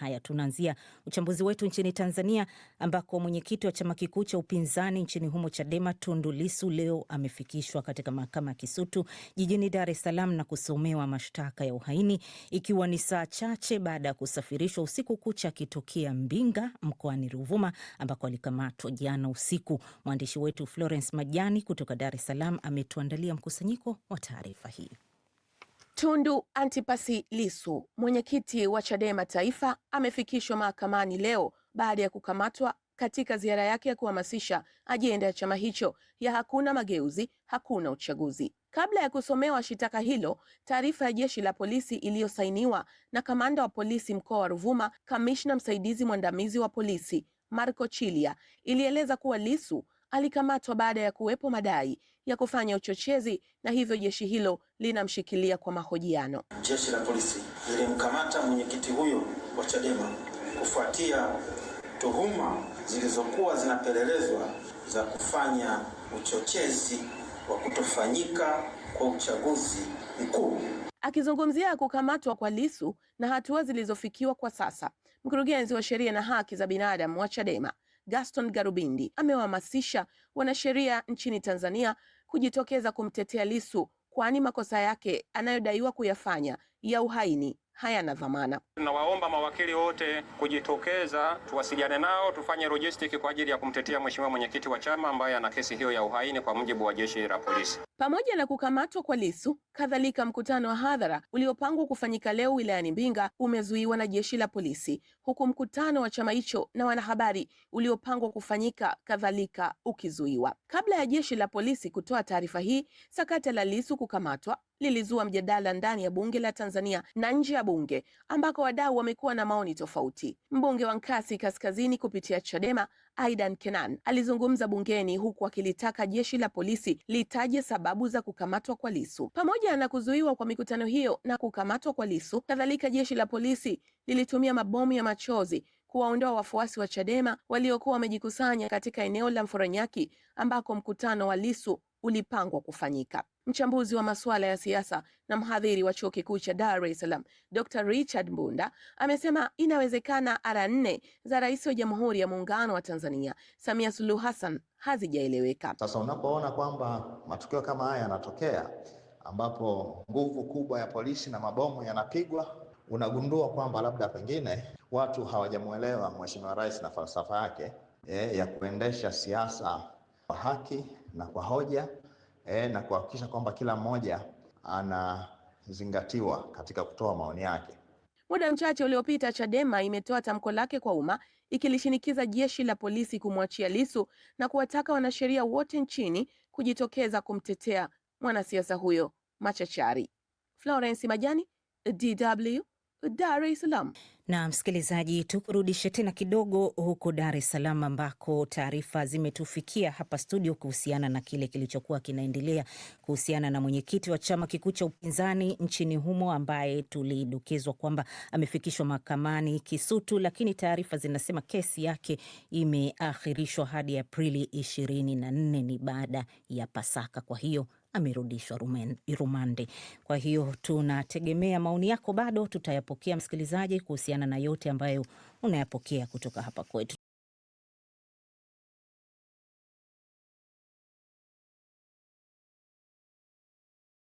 haya. Tunaanzia uchambuzi wetu nchini Tanzania, ambako mwenyekiti wa chama kikuu cha upinzani nchini humo Chadema Tundu Lissu leo amefikishwa katika mahakama ya Kisutu jijini Dar es Salaam na kusomewa mashtaka ya uhaini, ikiwa ni saa chache baada ya kusafirishwa usiku kucha akitokea Mbinga mkoani Ruvuma ambako alikamatwa jana usiku. Mwandishi wetu Florence Majani kutoka Dar es Salaam ametuandalia mkusanyiko wa taarifa hii. Tundu Antipasi Lissu, mwenyekiti wa Chadema Taifa, amefikishwa mahakamani leo baada ya kukamatwa katika ziara yake ya kuhamasisha ajenda ya chama hicho ya hakuna mageuzi, hakuna uchaguzi. Kabla ya kusomewa shitaka hilo, taarifa ya jeshi la polisi iliyosainiwa na kamanda wa polisi mkoa wa Ruvuma, kamishna msaidizi mwandamizi wa polisi Marco Chilia ilieleza kuwa Lissu alikamatwa baada ya kuwepo madai ya kufanya uchochezi na hivyo jeshi hilo linamshikilia kwa mahojiano. Jeshi la polisi lilimkamata mwenyekiti huyo wa Chadema kufuatia tuhuma zilizokuwa zinapelelezwa za kufanya uchochezi wa kutofanyika kwa uchaguzi mkuu. Akizungumzia kukamatwa kwa Lissu na hatua zilizofikiwa kwa sasa, mkurugenzi wa sheria na haki za binadamu wa Chadema Gaston Garubindi amewahamasisha wanasheria nchini Tanzania kujitokeza kumtetea Lissu kwani makosa yake anayodaiwa kuyafanya ya uhaini hayana dhamana. Tunawaomba mawakili wote kujitokeza, tuwasiliane nao, tufanye logistiki kwa ajili ya kumtetea mheshimiwa mwenyekiti wa chama ambaye ana kesi hiyo ya uhaini kwa mujibu wa jeshi la polisi. Pamoja na kukamatwa kwa Lissu, kadhalika mkutano wa hadhara uliopangwa kufanyika leo wilayani Mbinga umezuiwa na jeshi la polisi, huku mkutano wa chama hicho na wanahabari uliopangwa kufanyika kadhalika ukizuiwa. Kabla ya jeshi la polisi kutoa taarifa hii, sakata la Lissu kukamatwa lilizua mjadala ndani ya bunge la Tanzania na nje ya bunge ambako wadau wamekuwa na maoni tofauti. Mbunge wa Nkasi Kaskazini kupitia Chadema Aidan Kenan alizungumza bungeni huku akilitaka jeshi la polisi litaje sababu za kukamatwa kwa lisu pamoja na kuzuiwa kwa mikutano hiyo na kukamatwa kwa lisu Kadhalika, jeshi la polisi lilitumia mabomu ya machozi kuwaondoa wafuasi wa Chadema waliokuwa wamejikusanya katika eneo la Mforonyaki ambako mkutano wa lisu ulipangwa kufanyika. Mchambuzi wa masuala ya siasa na mhadhiri wa chuo kikuu cha Dar es Salaam, Dr. Richard Mbunda amesema inawezekana ara nne za rais wa Jamhuri ya Muungano wa Tanzania Samia Suluhu Hassan hazijaeleweka. Sasa unapoona kwamba matukio kama haya yanatokea, ambapo nguvu kubwa ya polisi na mabomu yanapigwa, unagundua kwamba labda pengine watu hawajamwelewa mheshimiwa rais na falsafa yake e, ya kuendesha siasa kwa haki na kwa hoja e, na kuhakikisha kwamba kila mmoja anazingatiwa katika kutoa maoni yake. Muda mchache uliopita, Chadema imetoa tamko lake kwa umma ikilishinikiza jeshi la polisi kumwachia Lissu na kuwataka wanasheria wote nchini kujitokeza kumtetea mwanasiasa huyo machachari. Florence Majani, DW, Dar es Salaam. Na msikilizaji, tukurudishe tena kidogo huko Dar es Salaam ambako taarifa zimetufikia hapa studio kuhusiana na kile kilichokuwa kinaendelea kuhusiana na mwenyekiti wa chama kikuu cha upinzani nchini humo ambaye tulidokezwa kwamba amefikishwa mahakamani Kisutu, lakini taarifa zinasema kesi yake imeahirishwa hadi Aprili 24 ni baada ya Pasaka. Kwa hiyo amerudishwa rumande. Kwa hiyo tunategemea maoni yako, bado tutayapokea msikilizaji, kuhusiana na yote ambayo unayapokea kutoka hapa kwetu.